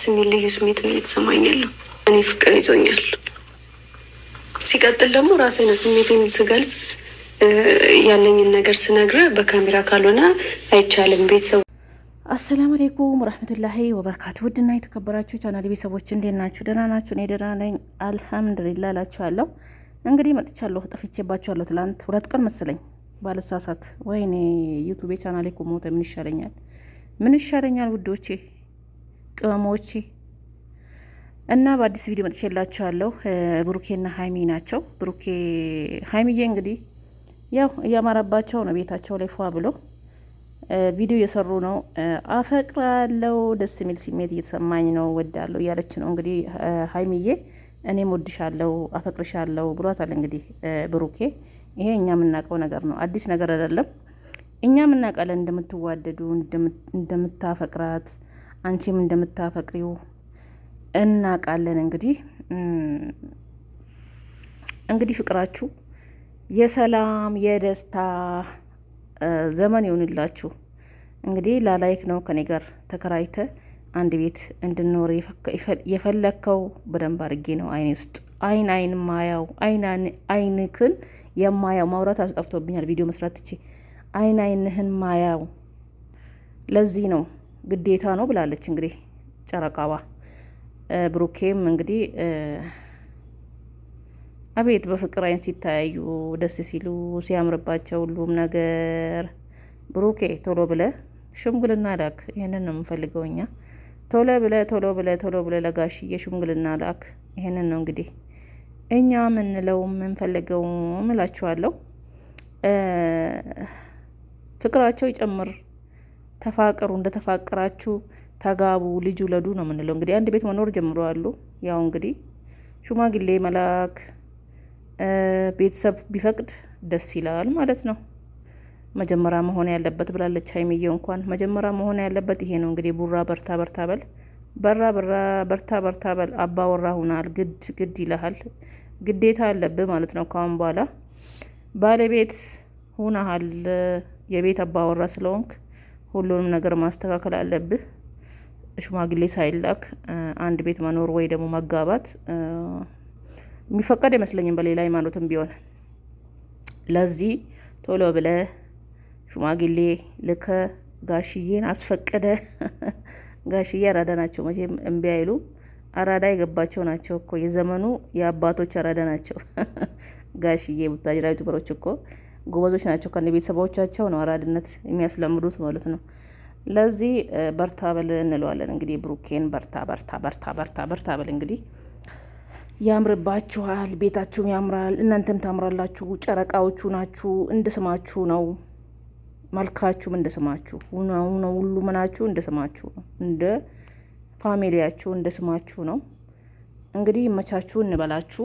ስሜ ልዩ ስሜት ነው እየተሰማኝ ያለው። እኔ ፍቅር ይዞኛል። ሲቀጥል ደግሞ ራሴን ስሜቴን ስገልጽ ያለኝን ነገር ስነግረ በካሜራ ካልሆነ አይቻልም። ቤተሰቡ አሰላሙ አሌይኩም ረህመቱላሂ ወበረካቱ። ውድና የተከበራችሁ ቻናል ቤተሰቦች እንዴት ናችሁ? ደህና ናችሁ? እኔ ደህና ነኝ አልሐምዱሊላ እላችኋለሁ። እንግዲህ መጥቻለሁ፣ ጠፍቼባችኋለሁ። ትላንት ሁለት ቀን መሰለኝ ባለሳሳት። ወይኔ ዩቱቤ ቻናሌ እኮ ሞተ። ምን ይሻለኛል? ምን ይሻለኛል ውዶቼ ቅመሞች እና በአዲስ ቪዲዮ መጥቼላችኋለሁ። ብሩኬና ሀይሚ ናቸው። ብሩኬ ሀይሚዬ እንግዲህ ያው እያማረባቸው ነው። ቤታቸው ላይ ፏ ብሎ ቪዲዮ እየሰሩ ነው። አፈቅራለው፣ ደስ የሚል ስሜት እየተሰማኝ ነው፣ ወዳለው እያለች ነው እንግዲህ ሀይሚዬ። እኔም ወድሻለው፣ አፈቅርሻለው ብሏታል እንግዲህ ብሩኬ። ይሄ እኛ የምናውቀው ነገር ነው፣ አዲስ ነገር አይደለም። እኛ የምናውቃለን እንደምትዋደዱ እንደምታፈቅራት አንቺም እንደምታፈቅሪው እናውቃለን። እንግዲህ እንግዲህ ፍቅራችሁ የሰላም የደስታ ዘመን ይሆንላችሁ። እንግዲህ ላላይክ ነው ከኔ ጋር ተከራይተ አንድ ቤት እንድንኖር የፈለግከው በደንብ አድርጌ ነው አይኔ ውስጥ አይን አይን ማያው አይንክን የማያው ማውራት አስጠፍቶብኛል ቪዲዮ መስራት ትቼ አይን አይንህን ማያው ለዚህ ነው ግዴታ ነው ብላለች። እንግዲህ ጨረቃዋ ብሩኬም እንግዲህ አቤት በፍቅር አይን ሲታያዩ ደስ ሲሉ ሲያምርባቸው ሁሉም ነገር ብሩኬ ቶሎ ብለ ሽምግልና ላክ። ይህንን ነው የምንፈልገው እኛ ቶሎ ብለ ቶሎ ብለ ቶሎ ብለ ለጋሽዬ ሽምግልና ላክ። ይህንን ነው እንግዲህ እኛ የምንለው የምንፈልገው እላችኋለሁ። ፍቅራቸው ይጨምር። ተፋቀሩ፣ እንደተፋቀራችሁ ተጋቡ፣ ልጅ ውለዱ ነው የምንለው። እንግዲህ አንድ ቤት መኖር ጀምረዋሉ። ያው እንግዲህ ሽማግሌ መላክ ቤተሰብ ቢፈቅድ ደስ ይላል ማለት ነው። መጀመሪያ መሆን ያለበት ብላለች ሀይሚዬው። እንኳን መጀመሪያ መሆን ያለበት ይሄ ነው እንግዲህ። ቡራ በርታ በርታ በል በራ በራ በርታ በርታ በል አባወራ ሁናል። ግድ ግድ ይልሃል፣ ግዴታ አለብህ ማለት ነው። ካሁን በኋላ ባለቤት ሁናሃል፣ የቤት አባወራ ስለሆንክ ሁሉንም ነገር ማስተካከል አለብህ። ሽማግሌ ሳይላክ አንድ ቤት መኖር ወይ ደግሞ መጋባት የሚፈቀድ አይመስለኝም በሌላ ሃይማኖትም ቢሆን። ለዚህ ቶሎ ብለ ሽማግሌ ልከ ጋሽዬን አስፈቅደ ጋሽዬ አራዳ ናቸው መቼም እምቢ አይሉም። አራዳ የገባቸው ናቸው እኮ የዘመኑ የአባቶች አራዳ ናቸው ጋሽዬ ቡታጅራዊ ቱበሮች እኮ ጎበዞች ናቸው። ከነ ቤተሰቦቻቸው ነው አራድነት የሚያስለምዱት ማለት ነው። ለዚህ በርታ በል እንለዋለን እንግዲህ ብሩኬን፣ በርታ በርታ በርታ በርታ በርታ በል እንግዲህ። ያምርባችኋል፣ ቤታችሁም ያምራል፣ እናንተም ታምራላችሁ። ጨረቃዎቹ ናችሁ፣ እንደ ስማችሁ ነው። መልካችሁም እንደ ስማችሁ ነው። ሁሉ ምናችሁ እንደ ስማችሁ ነው። እንደ ፋሚሊያችሁ እንደ ስማችሁ ነው። እንግዲህ መቻችሁ እንበላችሁ።